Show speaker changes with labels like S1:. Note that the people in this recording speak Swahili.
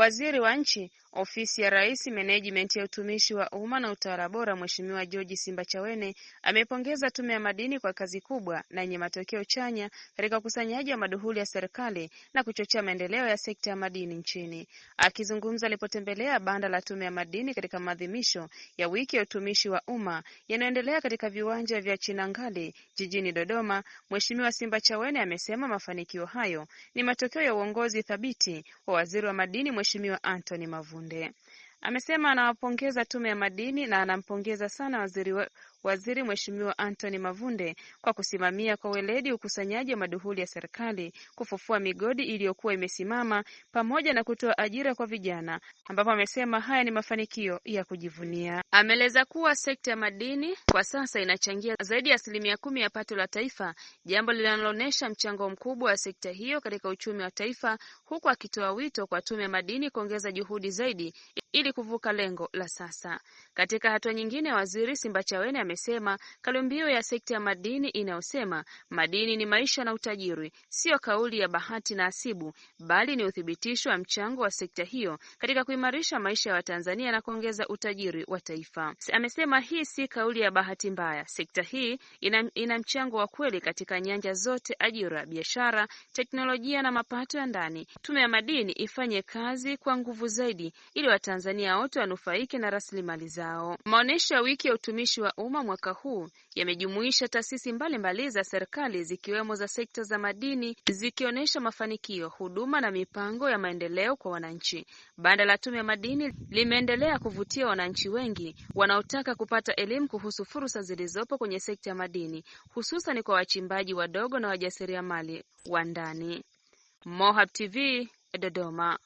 S1: Waziri wa Nchi, Ofisi ya Rais, Menejimenti ya Utumishi wa Umma na Utawala Bora, Mheshimiwa George Simbachawene amepongeza Tume ya Madini kwa kazi kubwa na yenye matokeo chanya katika ukusanyaji wa maduhuli ya serikali na kuchochea maendeleo ya sekta ya madini nchini. Akizungumza alipotembelea banda la Tume ya Madini katika maadhimisho ya Wiki ya Utumishi wa Umma yanayoendelea katika viwanja vya Chinangali jijini Dodoma, Mheshimiwa Simbachawene amesema mafanikio hayo ni matokeo ya uongozi thabiti wa Waziri wa Madini Mheshimiwa Mheshimiwa Anthony Mavunde amesema anawapongeza Tume ya Madini na anampongeza sana Waziri Waziri Mheshimiwa Anthony Mavunde kwa kusimamia kwa weledi ukusanyaji wa maduhuli ya serikali, kufufua migodi iliyokuwa imesimama pamoja na kutoa ajira kwa vijana, ambapo amesema haya ni mafanikio ya kujivunia.
S2: Ameeleza kuwa sekta ya madini kwa sasa inachangia zaidi ya asilimia kumi ya pato la taifa, jambo linaloonyesha mchango mkubwa wa sekta hiyo katika uchumi wa taifa, huku akitoa wito kwa Tume ya Madini kuongeza juhudi zaidi ili kuvuka lengo la sasa. Katika hatua nyingine, Waziri Simbachawene amesema kauli mbiu ya sekta ya madini inayosema madini ni maisha na utajiri sio kauli ya bahati na asibu, bali ni uthibitisho wa mchango wa sekta hiyo katika kuimarisha maisha ya Watanzania na kuongeza utajiri wa taifa. Amesema hii si kauli ya bahati mbaya. Sekta hii ina, ina mchango wa kweli katika nyanja zote: ajira, biashara, teknolojia na mapato ya ndani. Tume ya Madini ifanye kazi kwa nguvu zaidi ili Watanzania wote wanufaike na rasilimali zao. maonyesho ya wiki ya utumishi wa umma mwa mwaka huu yamejumuisha taasisi mbalimbali za serikali zikiwemo za sekta za madini zikionyesha mafanikio, huduma na mipango ya maendeleo kwa wananchi. Banda la Tume ya Madini limeendelea kuvutia wananchi wengi wanaotaka kupata elimu kuhusu fursa zilizopo kwenye sekta ya madini, hususan kwa wachimbaji wadogo na wajasiriamali wa ndani. Mohab TV Dodoma.